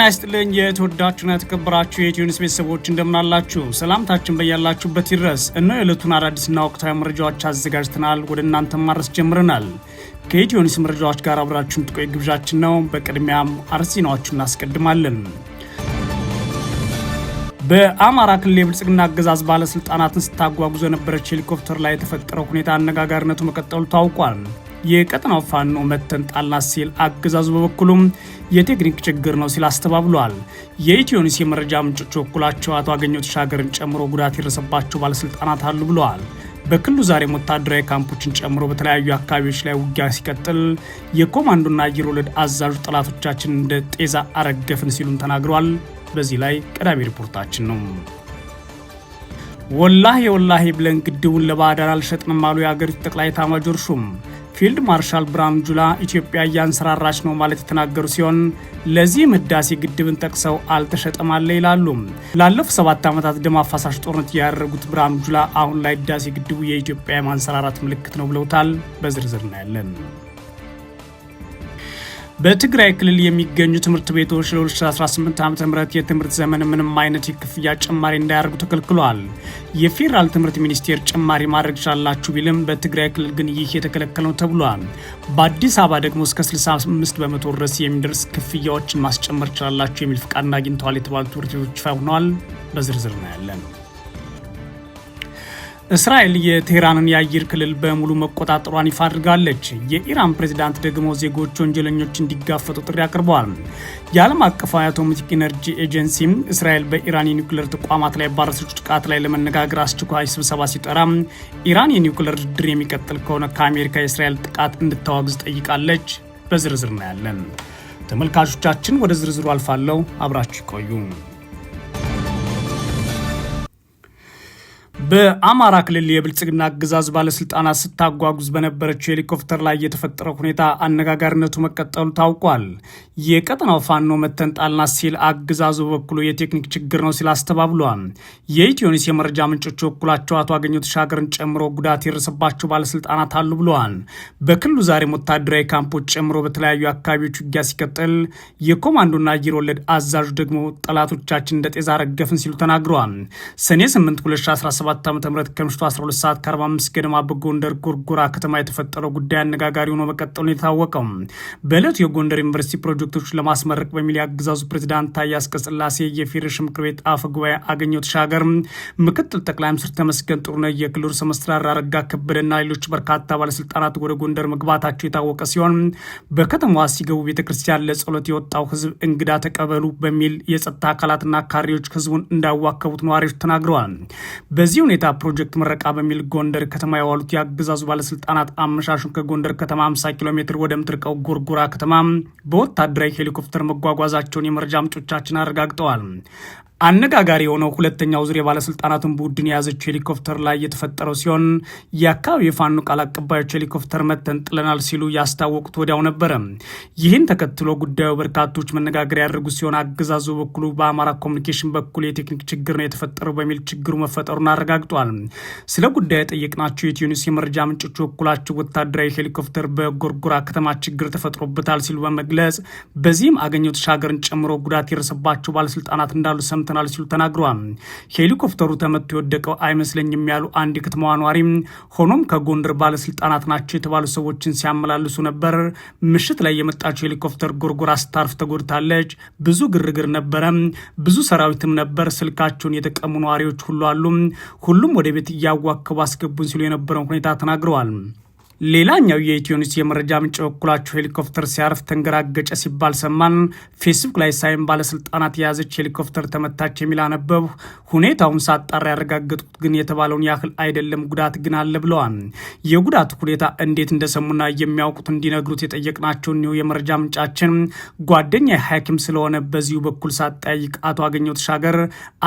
ጤና ይስጥልኝ የተወዳችሁና የተከበራችሁ የኢትዮ ኒውስ ቤተሰቦች እንደምናላችሁ ሰላምታችን በያላችሁበት ይድረስ። እነሆ የዕለቱን አዳዲስና ወቅታዊ መረጃዎች አዘጋጅተናል ወደ እናንተ ማድረስ ጀምረናል። ከኢትዮ ኒውስ መረጃዎች ጋር አብራችሁን ጥቆይ ግብዣችን ነው። በቅድሚያም አርዕስተ ዜናዎቹን እናስቀድማለን። በአማራ ክልል የብልጽግና አገዛዝ ባለስልጣናትን ስታጓጉዞ የነበረች ሄሊኮፕተር ላይ የተፈጠረው ሁኔታ አነጋጋሪነቱ መቀጠሉ ታውቋል። የቀጠናው ፋኖ መተን ጣልና ሲል አገዛዙ በበኩሉም የቴክኒክ ችግር ነው ሲል አስተባብሏል። የኢትዮኒስ የመረጃ ምንጮች በኩላቸው አቶ አገኘሁ ተሻገርን ጨምሮ ጉዳት የደረሰባቸው ባለስልጣናት አሉ ብለዋል። በክልሉ ዛሬም ወታደራዊ ካምፖችን ጨምሮ በተለያዩ አካባቢዎች ላይ ውጊያ ሲቀጥል የኮማንዶና አየር ወለድ አዛዡ ጠላቶቻችን እንደ ጤዛ አረገፍን ሲሉም ተናግረዋል። በዚህ ላይ ቀዳሚ ሪፖርታችን ነው። ወላሄ ወላሄ ብለን ግድቡን ለባህር አልሸጥንም አሉ የአገሪቱ ጠቅላይ ኤታማዦር ሹም። ፊልድ ማርሻል ብርሃኑ ጁላ ኢትዮጵያ እያንሰራራች ነው ማለት የተናገሩ ሲሆን ለዚህም ህዳሴ ግድብን ጠቅሰው አልተሸጠማለ አለ ይላሉ። ላለፉት ሰባት ዓመታት ደም አፋሳሽ ጦርነት ያደረጉት ብርሃኑ ጁላ አሁን ላይ ህዳሴ ግድቡ የኢትዮጵያ የማንሰራራት ምልክት ነው ብለውታል። በዝርዝር እናያለን። በትግራይ ክልል የሚገኙ ትምህርት ቤቶች ለ2018 ዓ ም የትምህርት ዘመን ምንም አይነት የክፍያ ጭማሪ እንዳያደርጉ ተከልክሏል። የፌዴራል ትምህርት ሚኒስቴር ጭማሪ ማድረግ ቻላችሁ ቢልም በትግራይ ክልል ግን ይህ የተከለከለ ነው ተብሏል። በአዲስ አበባ ደግሞ እስከ 65 በመቶ ድረስ የሚደርስ ክፍያዎችን ማስጨመር ቻላችሁ የሚል ፍቃድ አግኝተዋል የተባሉ ትምህርት ቤቶች ይፋ ሆነዋል። በዝርዝር ነው እስራኤል የቴህራንን የአየር ክልል በሙሉ መቆጣጠሯን ይፋ አድርጋለች። የኢራን ፕሬዚዳንት ደግሞ ዜጎች ወንጀለኞች እንዲጋፈጡ ጥሪ አቅርበዋል። የዓለም አቀፉ አቶሚክ ኤነርጂ ኤጀንሲ እስራኤል በኢራን የኒውክሌር ተቋማት ላይ ባረሰች ጥቃት ላይ ለመነጋገር አስቸኳይ ስብሰባ ሲጠራ ኢራን የኒውክሌር ድርድር የሚቀጥል ከሆነ ከአሜሪካ የእስራኤል ጥቃት እንድታወግዝ ጠይቃለች። በዝርዝር እናያለን። ተመልካቾቻችን ወደ ዝርዝሩ አልፋለሁ። አብራችሁ ይቆዩ። በአማራ ክልል የብልጽግና አገዛዝ ባለስልጣናት ስታጓጉዝ በነበረችው ሄሊኮፕተር ላይ የተፈጠረው ሁኔታ አነጋጋሪነቱ መቀጠሉ ታውቋል። የቀጠናው ፋኖ መተን ጣልናት ሲል አገዛዙ በበኩሉ የቴክኒክ ችግር ነው ሲል አስተባብሏል። የኢትዮኒስ የመረጃ ምንጮች በበኩላቸው አቶ አገኘሁ ተሻገርን ጨምሮ ጉዳት የደረሰባቸው ባለስልጣናት አሉ ብለዋል። በክልሉ ዛሬም ወታደራዊ ካምፖች ጨምሮ በተለያዩ አካባቢዎች ውጊያ ሲቀጥል፣ የኮማንዶና አየር ወለድ አዛዡ ደግሞ ጠላቶቻችን እንደ ጤዛ ረገፍን ሲሉ ተናግረዋል። ሰኔ 8 2017 2017 ዓ ም ከምሽቱ 12 ሰዓት ከ45 ገደማ በጎንደር ጎርጎራ ከተማ የተፈጠረው ጉዳይ አነጋጋሪ ሆኖ መቀጠሉን የታወቀው በዕለቱ የጎንደር ዩኒቨርሲቲ ፕሮጀክቶች ለማስመረቅ በሚል የአገዛዙ ፕሬዚዳንት ታዬ አጽቀሥላሴ፣ የፌዴሬሽን ምክር ቤት አፈ ጉባኤ አገኘሁ ተሻገር፣ ምክትል ጠቅላይ ሚኒስትር ተመስገን ጥሩነህ፣ የክልሉ ርዕሰ መስተዳድር አረጋ ከበደና ሌሎች በርካታ ባለስልጣናት ወደ ጎንደር መግባታቸው የታወቀ ሲሆን በከተማዋ ሲገቡ ቤተክርስቲያን ለጸሎት የወጣው ህዝብ እንግዳ ተቀበሉ በሚል የጸጥታ አካላትና ካሬዎች ህዝቡን እንዳዋከቡት ነዋሪዎች ተናግረዋል። በዚህ በዚህ ሁኔታ ፕሮጀክት ምረቃ በሚል ጎንደር ከተማ የዋሉት የአገዛዙ ባለስልጣናት አመሻሹን ከጎንደር ከተማ 50 ኪሎ ሜትር ወደምትርቀው ጎርጎራ ከተማ በወታደራዊ ሄሊኮፕተር መጓጓዛቸውን የመረጃ ምንጮቻችን አረጋግጠዋል። አነጋጋሪ የሆነው ሁለተኛው ዙር የባለስልጣናትን ቡድን የያዘች ሄሊኮፕተር ላይ የተፈጠረው ሲሆን የአካባቢ የፋኖ ቃል አቀባዮች ሄሊኮፕተር መተን ጥለናል ሲሉ ያስታወቁት ወዲያው ነበረ። ይህን ተከትሎ ጉዳዩ በርካቶች መነጋገር ያደርጉ ሲሆን አገዛዙ በኩሉ በአማራ ኮሚኒኬሽን በኩል የቴክኒክ ችግር ነው የተፈጠረው በሚል ችግሩ መፈጠሩን አረጋግጧል። ስለ ጉዳዩ የጠየቅናቸው የትዩኒስ የመረጃ ምንጮች በኩላቸው ወታደራዊ ሄሊኮፕተር በጎርጎራ ከተማ ችግር ተፈጥሮበታል ሲሉ በመግለጽ በዚህም አገኘው ተሻገርን ጨምሮ ጉዳት የደረሰባቸው ባለስልጣናት እንዳሉ ሰምተ ተመትተናል ሲሉ ተናግረዋል። ሄሊኮፕተሩ ተመቶ የወደቀው አይመስለኝም ያሉ አንድ የከተማዋ ነዋሪ፣ ሆኖም ከጎንደር ባለስልጣናት ናቸው የተባሉ ሰዎችን ሲያመላልሱ ነበር። ምሽት ላይ የመጣቸው ሄሊኮፕተር ጎርጎራ ስታርፍ ተጎድታለች። ብዙ ግርግር ነበረ፣ ብዙ ሰራዊትም ነበር። ስልካቸውን የተቀሙ ነዋሪዎች ሁሉ አሉ። ሁሉም ወደ ቤት እያዋከቡ አስገቡን ሲሉ የነበረውን ሁኔታ ተናግረዋል። ሌላኛው የኢትዮኒስ የመረጃ ምንጭ በኩላቸው ሄሊኮፕተር ሲያርፍ ተንገራገጨ ሲባል ሰማን። ፌስቡክ ላይ ሳይም ባለስልጣናት የያዘች ሄሊኮፕተር ተመታች የሚል አነበብ። ሁኔታውን ሳጣራ ያረጋገጥኩት ግን የተባለውን ያህል አይደለም፣ ጉዳት ግን አለ ብለዋል። የጉዳት ሁኔታ እንዴት እንደሰሙና የሚያውቁት እንዲነግሩት የጠየቅናቸው እኒሁ የመረጃ ምንጫችን ጓደኛ ሐኪም ስለሆነ በዚሁ በኩል ሳጠያይቅ አቶ አገኘው ተሻገር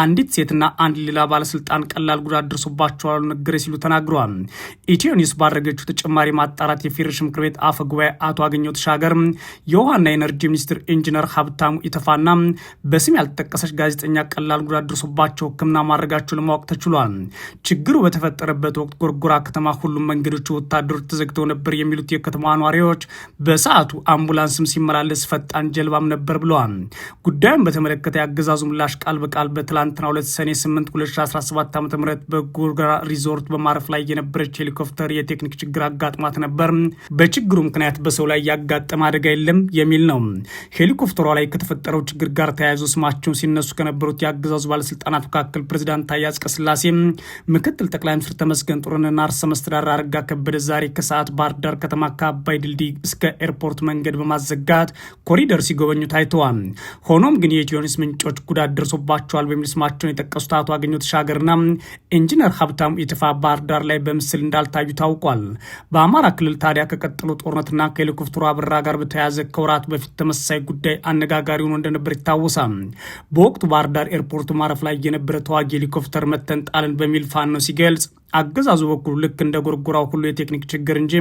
አንዲት ሴትና አንድ ሌላ ባለስልጣን ቀላል ጉዳት ደርሶባቸዋል ነገረ ሲሉ ተናግረዋል። ኢትዮኒስ ባደረገችው ተጨማ ተጨማሪ ማጣራት የፌዴሬሽን ምክር ቤት አፈ ጉባኤ አቶ አገኘው ተሻገር፣ የውሃና ኤነርጂ ሚኒስትር ኢንጂነር ሀብታሙ ኢተፋና በስም ያልተጠቀሰች ጋዜጠኛ ቀላል ጉዳት ደርሶባቸው ሕክምና ማድረጋቸው ለማወቅ ተችሏል። ችግሩ በተፈጠረበት ወቅት ጎርጎራ ከተማ ሁሉም መንገዶች ወታደሮች ተዘግተው ነበር የሚሉት የከተማ ነዋሪዎች በሰዓቱ አምቡላንስም ሲመላለስ ፈጣን ጀልባም ነበር ብለዋል። ጉዳዩን በተመለከተ የአገዛዙ ምላሽ ቃል በቃል በትላንትና ሁለት ሰኔ 8 2017 ዓ ም በጎርጎራ ሪዞርት በማረፍ ላይ የነበረች ሄሊኮፕተር የቴክኒክ ችግር አጋጥ አጋጥሟት ነበር። በችግሩ ምክንያት በሰው ላይ ያጋጠመ አደጋ የለም የሚል ነው። ሄሊኮፕተሯ ላይ ከተፈጠረው ችግር ጋር ተያይዞ ስማቸውን ሲነሱ ከነበሩት የአገዛዙ ባለስልጣናት መካከል ፕሬዚዳንት ታዬ አጽቀሥላሴ፣ ምክትል ጠቅላይ ሚኒስትር ተመስገን ጥሩነህና ርዕሰ መስተዳድር አረጋ ከበደ ዛሬ ከሰዓት ባህር ዳር ከተማ ከአባይ ድልድይ እስከ ኤርፖርት መንገድ በማዘጋት ኮሪደር ሲጎበኙ ታይተዋል። ሆኖም ግን የኢትዮኒስ ምንጮች ጉዳት ደርሶባቸዋል በሚል ስማቸውን የጠቀሱት አቶ አገኘሁ ተሻገርና ኢንጂነር ሀብታሙ ኢተፋ ባህር ዳር ላይ በምስል እንዳልታዩ ታውቋል። በአማራ ክልል ታዲያ ከቀጠለው ጦርነትና ከሄሊኮፕተሩ አበራ ጋር በተያያዘ ከወራት በፊት ተመሳሳይ ጉዳይ አነጋጋሪ ሆኖ እንደነበር ይታወሳል። በወቅቱ ባህር ዳር ኤርፖርት ማረፍ ላይ የነበረ ተዋጊ ሄሊኮፕተር መተን ጣልን በሚል ፋኖ ሲገልጽ አገዛዙ በኩሉ ልክ እንደ ጎርጎራው ሁሉ የቴክኒክ ችግር እንጂ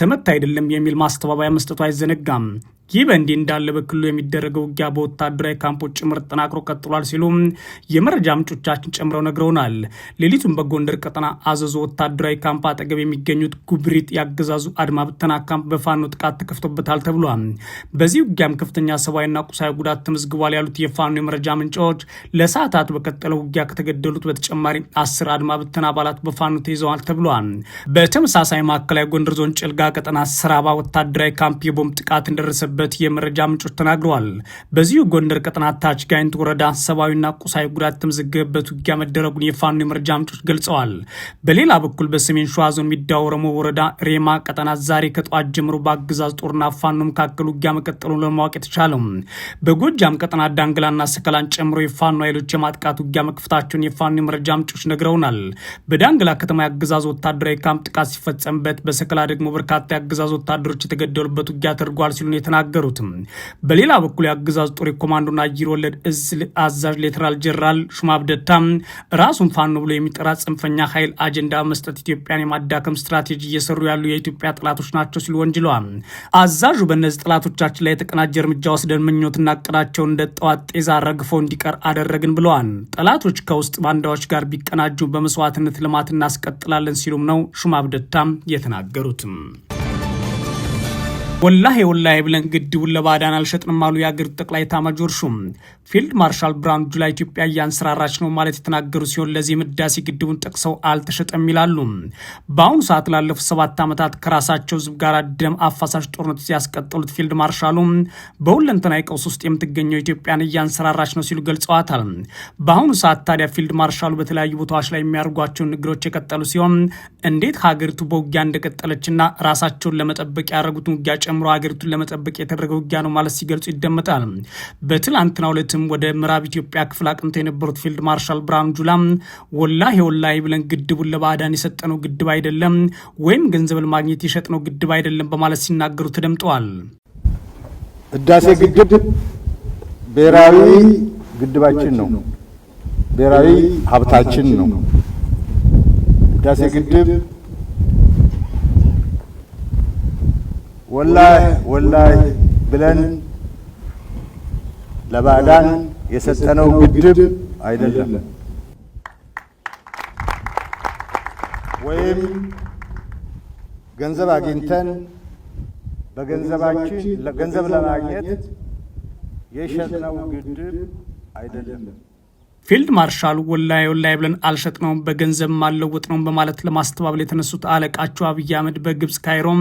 ተመታ አይደለም የሚል ማስተባበያ መስጠቱ አይዘነጋም። ይህ በእንዲህ እንዳለ በክልሉ የሚደረገው ውጊያ በወታደራዊ ካምፖች ጭምር ጠናክሮ ቀጥሏል ሲሉ የመረጃ ምንጮቻችን ጨምረው ነግረውናል። ሌሊቱን በጎንደር ቀጠና አዘዞ ወታደራዊ ካምፕ አጠገብ የሚገኙት ጉብሪት ያገዛዙ አድማ ብተና ካምፕ በፋኖ ጥቃት ተከፍቶበታል ተብሏል። በዚህ ውጊያም ከፍተኛ ሰብአዊና ቁሳዊ ጉዳት ተመዝግቧል ያሉት የፋኖ የመረጃ ምንጫዎች ለሰዓታት በቀጠለው ውጊያ ከተገደሉት በተጨማሪ አስር አድማ ብተና አባላት በፋኖ ተይዘዋል ተብሏል። በተመሳሳይ ማዕከላዊ ጎንደር ዞን ጭልጋ ቀጠና ስራባ ወታደራዊ ካምፕ የቦምብ ጥቃት እንደደረሰ እንዳደረሰበት የመረጃ ምንጮች ተናግረዋል። በዚሁ ጎንደር ቀጠና ታች ጋይንት ወረዳ ሰብአዊና ቁሳዊ ጉዳት ተመዘገበበት ውጊያ መደረጉን የፋኖ የመረጃ ምንጮች ገልጸዋል። በሌላ በኩል በሰሜን ሸዋ ዞን ሚዳ ወረዳ ሬማ ቀጠና ዛሬ ከጠዋት ጀምሮ በአገዛዝ ጦርና ፋኖ መካከል ውጊያ መቀጠሉን ለማወቅ የተቻለው በጎጃም ቀጠና ዳንግላና ሰከላን ጨምሮ የፋኖ ኃይሎች የማጥቃት ውጊያ መክፈታቸውን የፋኖ የመረጃ ምንጮች ነግረውናል። በዳንግላ ከተማ የአገዛዝ ወታደራዊ ካምፕ ጥቃት ሲፈጸምበት፣ በሰከላ ደግሞ በርካታ የአገዛዝ ወታደሮች የተገደሉበት ውጊያ ተደርጓል ሲሉን የተናገ የተናገሩትም። በሌላ በኩል የአገዛዝ ጦር የኮማንዶና አየር ወለድ እዝ አዛዥ ሌተናል ጀነራል ሹማብደታ ራሱን ፋኖ ብሎ የሚጠራ ጽንፈኛ ኃይል አጀንዳ መስጠት ኢትዮጵያን የማዳከም ስትራቴጂ እየሰሩ ያሉ የኢትዮጵያ ጠላቶች ናቸው ሲሉ ወንጅለዋል። አዛዡ በእነዚህ ጠላቶቻችን ላይ የተቀናጀ እርምጃ ወስደን ምኞትና እቅዳቸውን እንደ ጠዋት ጤዛ ረግፎ እንዲቀር አደረግን ብለዋል። ጠላቶች ከውስጥ ባንዳዎች ጋር ቢቀናጁ በመስዋዕትነት ልማት እናስቀጥላለን ሲሉም ነው ሹማብደታም የተናገሩትም። ወላሂ ወላሂ ብለን ግድቡን ለባዕዳን አልሸጥንም አሉ የአገሪቱ ጠቅላይ ኤታማዦር ሹም ፊልድ ማርሻል ብርሃኑ ጁላ። ኢትዮጵያ እያንሰራራች ነው ማለት የተናገሩ ሲሆን ለዚህ ህዳሴ ግድቡን ጠቅሰው አልተሸጠም ይላሉ። በአሁኑ ሰዓት ላለፉት ሰባት ዓመታት ከራሳቸው ህዝብ ጋር ደም አፋሳሽ ጦርነት ያስቀጠሉት ፊልድ ማርሻሉ በሁለንተናዊ ቀውስ ውስጥ የምትገኘው ኢትዮጵያን እያንሰራራች ነው ሲሉ ገልጸዋታል። በአሁኑ ሰዓት ታዲያ ፊልድ ማርሻሉ በተለያዩ ቦታዎች ላይ የሚያደርጓቸውን ንግሮች የቀጠሉ ሲሆን እንዴት ሀገሪቱ በውጊያ እንደቀጠለችና ራሳቸውን ለመጠበቅ ያደረጉትን ውጊያ ጨምሮ ሀገሪቱን ለመጠበቅ የተደረገው ውጊያ ነው ማለት ሲገልጹ ይደመጣል። በትላንትና ሁለትም ወደ ምዕራብ ኢትዮጵያ ክፍል አቅንተው የነበሩት ፊልድ ማርሻል ብርሃኑ ጁላ ወላሂ ወላሂ ብለን ግድቡን ለባዕዳን የሰጠነው ግድብ አይደለም ወይም ገንዘብ ለማግኘት የሸጥነው ግድብ አይደለም በማለት ሲናገሩ ተደምጠዋል። ህዳሴ ግድብ ብሔራዊ ግድባችን ነው፣ ብሔራዊ ሀብታችን ነው። ህዳሴ ግድብ ወላሂ ወላሂ ብለን ለባዕዳን የሰጠነው ግድብ አይደለም ወይም ገንዘብ አግኝተን በገንዘባችን ገንዘብ ለማግኘት የሸጥነው ግድብ አይደለም። ፊልድ ማርሻሉ ወላይ ወላይ ብለን አልሸጥነውም በገንዘብ ማለወጥ ነው በማለት ለማስተባበል የተነሱት አለቃቸው አብይ አህመድ በግብፅ ካይሮም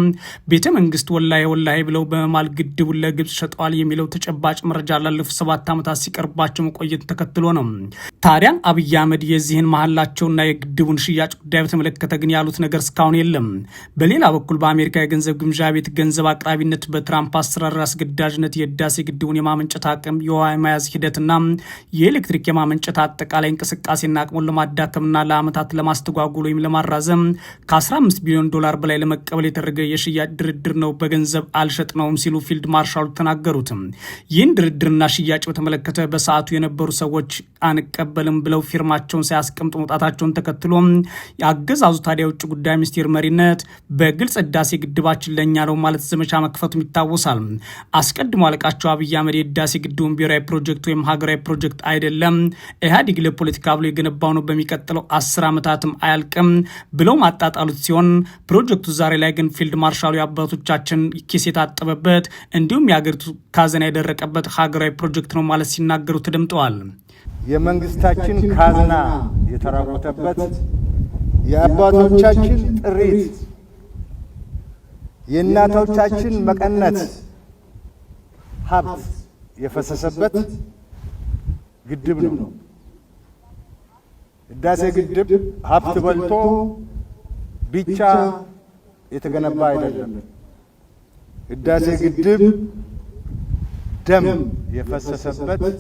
ቤተ መንግስት ወላይ ወላይ ብለው በመማል ግድቡን ለግብፅ ሸጠዋል የሚለው ተጨባጭ መረጃ ላለፉት ሰባት ዓመታት ሲቀርባቸው መቆየት ተከትሎ ነው። ታዲያን አብይ አህመድ የዚህን መሀላቸውና የግድቡን ሽያጭ ጉዳይ በተመለከተ ግን ያሉት ነገር እስካሁን የለም። በሌላ በኩል በአሜሪካ የገንዘብ ግምዣ ቤት ገንዘብ አቅራቢነት በትራምፕ አሰራር አስገዳጅነት የህዳሴ ግድቡን የማመንጨት አቅም የውሃ የመያዝ ሂደትና የኤሌክትሪክ የማመንጨት የበጀት አጠቃላይ እንቅስቃሴና አቅሙን ለማዳከምና ለአመታት ለማስተጓጉል ወይም ለማራዘም ከ15 ቢሊዮን ዶላር በላይ ለመቀበል የተደረገ የሽያጭ ድርድር ነው፣ በገንዘብ አልሸጥ ነውም ሲሉ ፊልድ ማርሻሉ ተናገሩትም። ይህን ድርድርና ሽያጭ በተመለከተ በሰዓቱ የነበሩ ሰዎች አንቀበልም ብለው ፊርማቸውን ሳያስቀምጡ መውጣታቸውን ተከትሎ የአገዛዙ ታዲያ የውጭ ጉዳይ ሚኒስቴር መሪነት በግልጽ ህዳሴ ግድባችን ለእኛ ነው ማለት ዘመቻ መክፈቱም ይታወሳል። አስቀድሞ አለቃቸው አብይ አህመድ የህዳሴ ግድቡን ብሔራዊ ፕሮጀክት ወይም ሀገራዊ ፕሮጀክት አይደለም ኢህአዲግ ለፖለቲካ ብሎ የገነባው ነው፣ በሚቀጥለው አስር ዓመታትም አያልቅም ብለው ማጣጣሉት ሲሆን ፕሮጀክቱ ዛሬ ላይ ግን ፊልድ ማርሻሉ የአባቶቻችን ኪስ የታጠበበት እንዲሁም የአገሪቱ ካዝና የደረቀበት ሀገራዊ ፕሮጀክት ነው ማለት ሲናገሩ ተደምጠዋል። የመንግስታችን ካዝና የተራቆተበት የአባቶቻችን ጥሪት፣ የእናቶቻችን መቀነት ሀብት የፈሰሰበት ግድብ ነው። ህዳሴ ግድብ ሀብት በልቶ ብቻ የተገነባ አይደለም። ህዳሴ ግድብ ደም የፈሰሰበት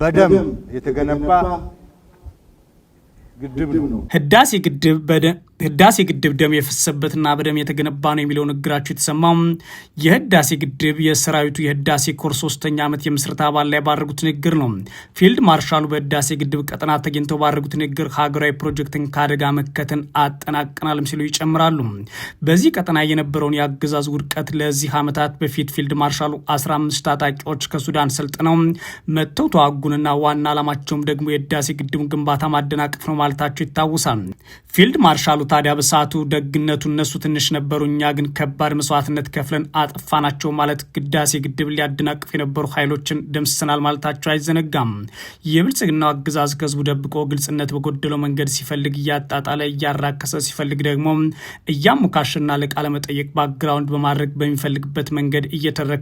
በደም የተገነባ ግድብ ነው። ህዳሴ ግድብ በደም ህዳሴ ግድብ ደም የፈሰበትና በደም የተገነባ ነው የሚለው ንግግራቸው የተሰማው የህዳሴ ግድብ የሰራዊቱ የህዳሴ ኮር ሶስተኛ ዓመት የምስረታ አባል ላይ ባደረጉት ንግግር ነው። ፊልድ ማርሻሉ በህዳሴ ግድብ ቀጠና ተገኝተው ባደረጉት ንግግር ሀገራዊ ፕሮጀክትን ከአደጋ መከተን አጠናቀናልም ሲሉ ይጨምራሉ። በዚህ ቀጠና የነበረውን የአገዛዝ ውድቀት ለዚህ ዓመታት በፊት ፊልድ ማርሻሉ 15 ታጣቂዎች ከሱዳን ሰልጥነው መጥተው ተዋጉንና ዋና ዓላማቸውም ደግሞ የህዳሴ ግድቡን ግንባታ ማደናቀፍ ነው ማለታቸው ይታወሳል። ፊልድ ማርሻሉ ታዲያ በሰዓቱ ደግነቱ እነሱ ትንሽ ነበሩ፣ እኛ ግን ከባድ መስዋዕትነት ከፍለን አጠፋናቸው ማለት ግዳሴ ግድብ ሊያደናቅፍ የነበሩ ኃይሎችን ደምስሰናል ማለታቸው አይዘነጋም። የብልጽግናው አገዛዝ ከህዝቡ ደብቆ ግልጽነት በጎደለው መንገድ ሲፈልግ እያጣጣለ እያራከሰ ሲፈልግ ደግሞ እያሞካሸና ለቃለ መጠየቅ ባክግራውንድ በማድረግ በሚፈልግበት መንገድ እየተረከ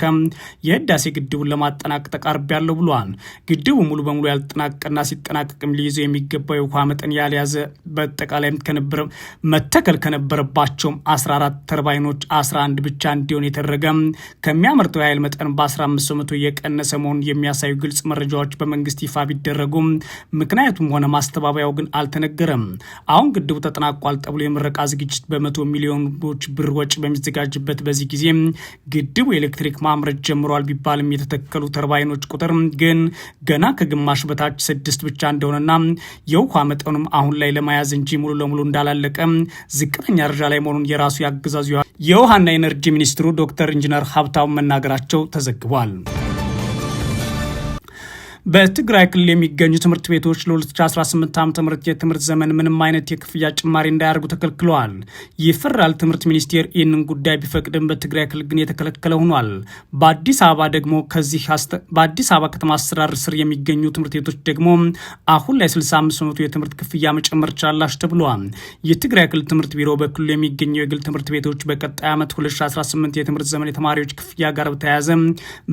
የህዳሴ ግድቡን ለማጠናቅ ተቃርቢ ያለው ብሏል። ግድቡ ሙሉ በሙሉ ያልጠናቀና ሲጠናቀቅም ሊይዘው የሚገባው የውሃ መጠን ያልያዘ በአጠቃላይም ከነበረ መተከል ከነበረባቸውም 14 ተርባይኖች 11 ብቻ እንዲሆን የተደረገ ከሚያመርተው የኃይል መጠን በ15 በመቶ እየቀነሰ መሆኑን የሚያሳዩ ግልጽ መረጃዎች በመንግስት ይፋ ቢደረጉም ምክንያቱም ሆነ ማስተባበያው ግን አልተነገረም። አሁን ግድቡ ተጠናቋል ተብሎ የምረቃ ዝግጅት በመቶ ሚሊዮኖች ብር ወጪ በሚዘጋጅበት በዚህ ጊዜ ግድቡ የኤሌክትሪክ ማምረት ጀምሯል ቢባልም የተተከሉ ተርባይኖች ቁጥር ግን ገና ከግማሽ በታች ስድስት ብቻ እንደሆነና የውሃ መጠኑም አሁን ላይ ለመያዝ እንጂ ሙሉ ለሙሉ እንዳላለቀ አጠቃቀም ዝቅተኛ ደረጃ ላይ መሆኑን የራሱ ያገዛዙ የውሃና ኢነርጂ ሚኒስትሩ ዶክተር ኢንጂነር ሀብታሙ መናገራቸው ተዘግቧል። በትግራይ ክልል የሚገኙ ትምህርት ቤቶች ለ2018 ዓ ም የትምህርት ዘመን ምንም አይነት የክፍያ ጭማሪ እንዳያደርጉ ተከልክለዋል። የፌደራል ትምህርት ሚኒስቴር ይህንን ጉዳይ ቢፈቅድም በትግራይ ክልል ግን የተከለከለ ሆኗል። በአዲስ አበባ ደግሞ ከዚህ በአዲስ አበባ ከተማ አስተዳደር ስር የሚገኙ ትምህርት ቤቶች ደግሞ አሁን ላይ 65 በመቶ የትምህርት ክፍያ መጨመር ችላላችሁ ተብሏል። የትግራይ ክልል ትምህርት ቢሮ በክልሉ የሚገኘው የግል ትምህርት ቤቶች በቀጣይ ዓመት 2018 የትምህርት ዘመን የተማሪዎች ክፍያ ጋር በተያያዘ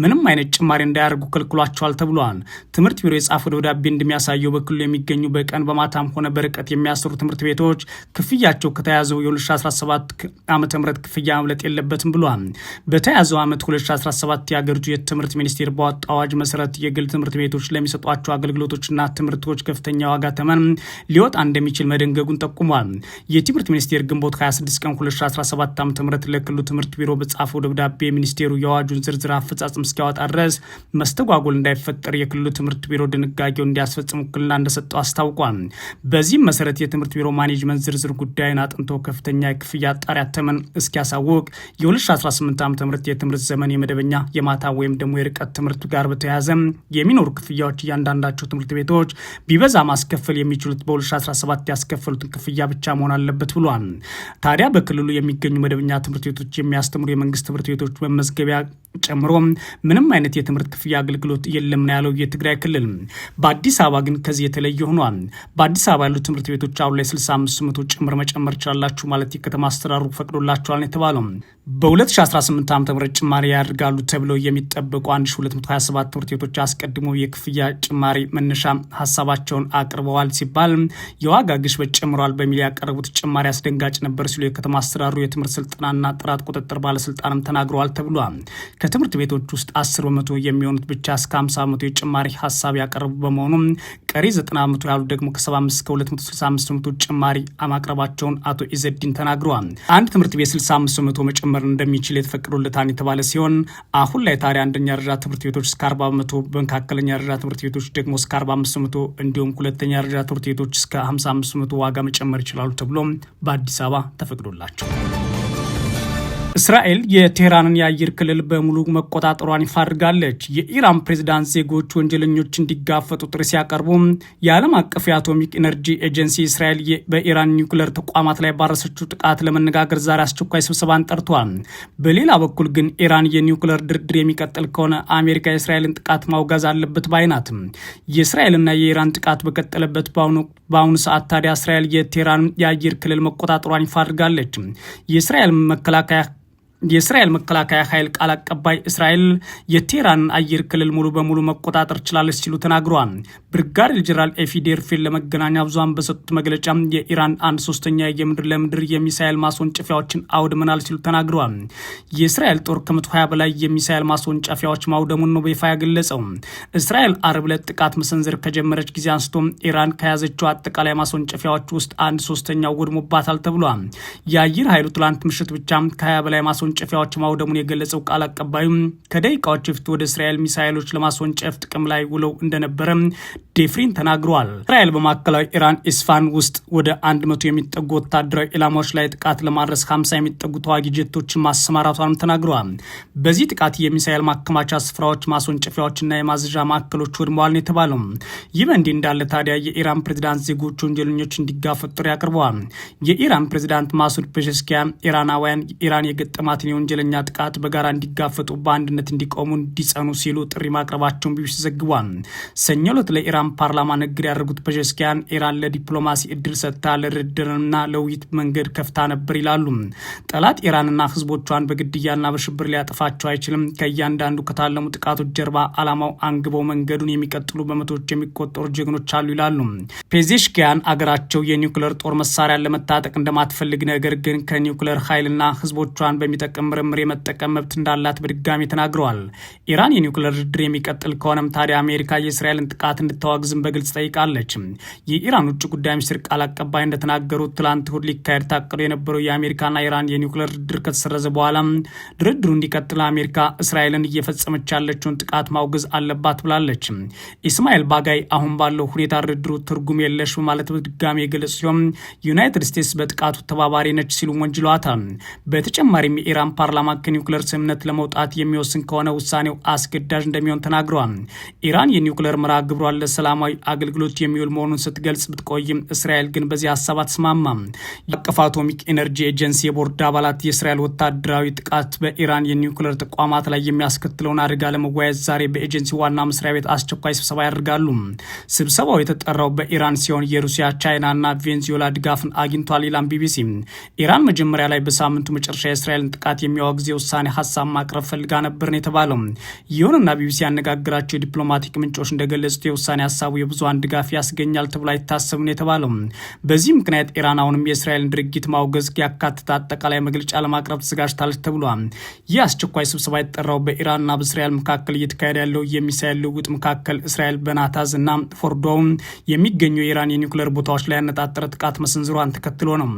ምንም አይነት ጭማሪ እንዳያደርጉ ከልክሏቸዋል ተብሏል። ትምህርት ቢሮ የጻፈው ደብዳቤ እንደሚያሳየው በክልሉ የሚገኙ በቀን በማታም ሆነ በርቀት የሚያሰሩ ትምህርት ቤቶች ክፍያቸው ከተያዘው የ2017 ዓ ም ክፍያ ማምለጥ የለበትም ብሏል። በተያዘው ዓመት 2017 የአገሪቱ የትምህርት ሚኒስቴር በወጣ አዋጅ መሰረት የግል ትምህርት ቤቶች ለሚሰጧቸው አገልግሎቶችና ትምህርቶች ከፍተኛ ዋጋ ተመን ሊወጣ እንደሚችል መደንገጉን ጠቁሟል። የትምህርት ሚኒስቴር ግንቦት 26 ቀን 2017 ዓ ም ለክልሉ ትምህርት ቢሮ በጻፈው ደብዳቤ ሚኒስቴሩ የአዋጁን ዝርዝር አፈጻጽም እስኪያወጣ ድረስ መስተጓጎል እንዳይፈጠር የክልሉ ትምህርት ቢሮ ድንጋጌው እንዲያስፈጽም ውክልና እንደሰጠው አስታውቋል። በዚህም መሰረት የትምህርት ቢሮ ማኔጅመንት ዝርዝር ጉዳይን አጥንቶ ከፍተኛ የክፍያ ጣሪያ ተመን እስኪያሳውቅ የ2018 ዓ ም የትምህርት ዘመን የመደበኛ የማታ ወይም ደግሞ የርቀት ትምህርት ጋር በተያያዘ የሚኖሩ ክፍያዎች እያንዳንዳቸው ትምህርት ቤቶች ቢበዛ ማስከፈል የሚችሉት በ2017 ያስከፈሉትን ክፍያ ብቻ መሆን አለበት ብሏል። ታዲያ በክልሉ የሚገኙ መደበኛ ትምህርት ቤቶች የሚያስተምሩ የመንግስት ትምህርት ቤቶች መመዝገቢያ ጨምሮ ምንም አይነት የትምህርት ክፍያ አገልግሎት የለም ነው ያለው የትግራይ ክልል። በአዲስ አበባ ግን ከዚህ የተለየ ሆኗል። በአዲስ አበባ ያሉ ትምህርት ቤቶች አሁን ላይ 65 በመቶ ጭምር መጨመር ችላላችሁ ማለት የከተማ አስተዳደሩ ፈቅዶላችኋል ነው የተባለው። በ2018 ዓ ም ጭማሪ ያደርጋሉ ተብለው የሚጠበቁ 1227 ትምህርት ቤቶች አስቀድሞ የክፍያ ጭማሪ መነሻ ሀሳባቸውን አቅርበዋል ሲባል የዋጋ ግሽበት ጨምሯል በሚል ያቀረቡት ጭማሪ አስደንጋጭ ነበር ሲሉ የከተማ አስተዳደሩ የትምህርት ስልጠናና ጥራት ቁጥጥር ባለስልጣንም ተናግረዋል ተብሏል። ከትምህርት ቤቶች ውስጥ 10 በመቶ የሚሆኑት ብቻ እስከ 50 በመቶ የጭማሪ ጭማሪ ሀሳብ ያቀረቡ በመሆኑ ቀሪ 90 በመቶ ያሉ ደግሞ ከ75 እስከ 265 በመቶ ጭማሪ ማቅረባቸውን አቶ ኢዘዲን ተናግረዋል። አንድ ትምህርት ቤት 65 በመቶ መጨመር እንደሚችል የተፈቅዶለታን የተባለ ሲሆን አሁን ላይ ታዲያ አንደኛ ደረጃ ትምህርት ቤቶች እስከ 40 በመቶ፣ በመካከለኛ ደረጃ ትምህርት ቤቶች ደግሞ እስከ 45 በመቶ እንዲሁም ሁለተኛ ደረጃ ትምህርት ቤቶች እስከ 55 በመቶ ዋጋ መጨመር ይችላሉ ተብሎ በአዲስ አበባ ተፈቅዶላቸው እስራኤል የቴህራንን የአየር ክልል በሙሉ መቆጣጠሯን ይፋ አድርጋለች። የኢራን ፕሬዝዳንት ዜጎች ወንጀለኞች እንዲጋፈጡ ጥሪ ሲያቀርቡ የዓለም አቀፍ የአቶሚክ ኤነርጂ ኤጀንሲ እስራኤል በኢራን ኒውክለር ተቋማት ላይ ባረሰችው ጥቃት ለመነጋገር ዛሬ አስቸኳይ ስብሰባን ጠርቷል። በሌላ በኩል ግን ኢራን የኒውክለር ድርድር የሚቀጥል ከሆነ አሜሪካ የእስራኤልን ጥቃት ማውጋዝ አለበት ባይ ናት። የእስራኤልና የኢራን ጥቃት በቀጠለበት በአሁኑ ሰዓት ታዲያ እስራኤል የቴህራን የአየር ክልል መቆጣጠሯን ይፋ አድርጋለች። የእስራኤል መከላከያ የእስራኤል መከላከያ ኃይል ቃል አቀባይ እስራኤል የቴህራንን አየር ክልል ሙሉ በሙሉ መቆጣጠር ችላለች ሲሉ ተናግረዋል። ብርጋዴር ጄኔራል ኤፊዴር ለመገናኛ ብዙሃን በሰጡት መግለጫ የኢራን አንድ ሶስተኛ የምድር ለምድር የሚሳኤል ማስወንጨፊያዎችን አውድመናል ሲሉ ተናግረዋል። የእስራኤል ጦር ከ120 በላይ የሚሳኤል ማስወንጨፊያዎች ማውደሙን ነው በይፋ ያገለጸው። እስራኤል አርብ ዕለት ጥቃት መሰንዘር ከጀመረች ጊዜ አንስቶ ኢራን ከያዘችው አጠቃላይ ማስወንጨፊያዎች ውስጥ አንድ ሶስተኛው ወድሞባታል ተብሏል። የአየር ኃይሉ ትላንት ምሽት ብቻ ከ20 በላይ ማስወንጨፊያዎች ማውደሙን የገለጸው ቃል አቀባዩም ከደቂቃዎች በፊት ወደ እስራኤል ሚሳይሎች ለማስወንጨፍ ጥቅም ላይ ውለው እንደነበረ ዴፍሪን ተናግረዋል። እስራኤል በማዕከላዊ ኢራን ኢስፋን ውስጥ ወደ 100 የሚጠጉ ወታደራዊ ኢላማዎች ላይ ጥቃት ለማድረስ 50 የሚጠጉ ተዋጊ ጀቶችን ማሰማራቷንም ተናግረዋል። በዚህ ጥቃት የሚሳይል ማከማቻ ስፍራዎች፣ ማስወንጨፊያዎችና የማዘዣ ማዕከሎች ወድመዋል ነው የተባለው። ይህ በእንዲህ እንዳለ ታዲያ የኢራን ፕሬዚዳንት ዜጎች ወንጀለኞች እንዲጋፈጡ ጥሪ አቅርበዋል። የኢራን ፕሬዚዳንት ማሱድ ፔሸስኪያን ኢራናውያን ኢራን የገጠማ የህወሓትን የወንጀለኛ ጥቃት በጋራ እንዲጋፈጡ በአንድነት እንዲቆሙ እንዲጸኑ ሲሉ ጥሪ ማቅረባቸውን ቢቢሲ ዘግቧል። ሰኞ ዕለት ለኢራን ፓርላማ ንግግር ያደረጉት ፔዜሽኪያን ኢራን ለዲፕሎማሲ እድል ሰጥታ ለድርድርና ለውይይት መንገድ ከፍታ ነበር ይላሉ። ጠላት ኢራንና ህዝቦቿን በግድያና በሽብር ሊያጠፋቸው አይችልም። ከእያንዳንዱ ከታለሙ ጥቃቶች ጀርባ ዓላማው አንግበው መንገዱን የሚቀጥሉ በመቶዎች የሚቆጠሩ ጀግኖች አሉ ይላሉ። ፔዜሽኪያን አገራቸው የኒውክለር ጦር መሳሪያን ለመታጠቅ እንደማትፈልግ ነገር ግን ከኒውክለር ኃይልና ህዝቦቿን በሚጠ በመጠቀም ምርምር የመጠቀም መብት እንዳላት በድጋሚ ተናግረዋል። ኢራን የኒውክሌር ድርድር የሚቀጥል ከሆነም ታዲያ አሜሪካ የእስራኤልን ጥቃት እንድታዋግዝም በግልጽ ጠይቃለች። የኢራን ውጭ ጉዳይ ሚኒስትር ቃል አቀባይ እንደተናገሩት ትላንት እሁድ ሊካሄድ ታቅዶ የነበረው የአሜሪካና ኢራን የኒውክሌር ድርድር ከተሰረዘ በኋላ ድርድሩ እንዲቀጥል አሜሪካ እስራኤልን እየፈጸመች ያለችውን ጥቃት ማውገዝ አለባት ብላለች። ኢስማኤል ባጋይ አሁን ባለው ሁኔታ ድርድሩ ትርጉም የለሽ በማለት በድጋሚ የገለጽ ሲሆን ዩናይትድ ስቴትስ በጥቃቱ ተባባሪ ነች ሲሉም ወንጅለዋታል። በተጨማሪም ኢራን ፓርላማ ከኒውክሌር ስምምነት ለመውጣት የሚወስን ከሆነ ውሳኔው አስገዳጅ እንደሚሆን ተናግረዋል። ኢራን የኒውክሌር መርሃ ግብሯን ለሰላማዊ አገልግሎት የሚውል መሆኑን ስትገልጽ ብትቆይም እስራኤል ግን በዚህ ሀሳብ አትስማማም። የአቀፍ አቶሚክ ኤነርጂ ኤጀንሲ የቦርድ አባላት የእስራኤል ወታደራዊ ጥቃት በኢራን የኒውክሌር ተቋማት ላይ የሚያስከትለውን አደጋ ለመወያየት ዛሬ በኤጀንሲ ዋና መስሪያ ቤት አስቸኳይ ስብሰባ ያደርጋሉ። ስብሰባው የተጠራው በኢራን ሲሆን የሩሲያ ቻይናና ቬንዙዌላ ድጋፍን አግኝቷል ይላል ቢቢሲ። ኢራን መጀመሪያ ላይ በሳምንቱ መጨረሻ የእስራኤልን ጥቃት ጥቃት የሚያወግዝ ውሳኔ ሀሳብ ማቅረብ ፈልጋ ነበር ነው የተባለው። ይሁንና ቢቢሲ ያነጋግራቸው የዲፕሎማቲክ ምንጮች እንደገለጹት የውሳኔ ሀሳቡ የብዙሀን ድጋፍ ያስገኛል ተብሎ አይታሰብ ነው የተባለው። በዚህ ምክንያት ኢራን አሁንም የእስራኤልን ድርጊት ማውገዝ ያካትተ አጠቃላይ መግለጫ ለማቅረብ ተዘጋጅታለች ተብሏል። ይህ አስቸኳይ ስብሰባ የተጠራው በኢራንና በእስራኤል መካከል እየተካሄደ ያለው የሚሳይል ልውውጥ መካከል እስራኤል በናታዝ እና ፎርዶ የሚገኙ የኢራን የኒውክሌር ቦታዎች ላይ ያነጣጠረ ጥቃት መሰንዝሯን ተከትሎ ነው።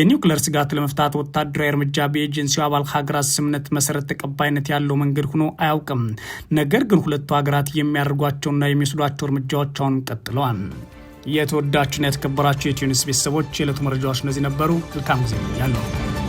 የኒውክሌር ስጋት ለመፍታት ወታደራዊ እርምጃ በኤጀንሲው አባል ሀገራት ስምምነት መሰረት ተቀባይነት ያለው መንገድ ሆኖ አያውቅም። ነገር ግን ሁለቱ ሀገራት የሚያደርጓቸውና የሚወስዷቸው እርምጃዎች አሁንም ቀጥለዋል። የተወዳችሁና የተከበራችሁ የኢትዮ ኒውስ ቤተሰቦች የዕለቱ መረጃዎች እነዚህ ነበሩ። መልካም ጊዜ ያለው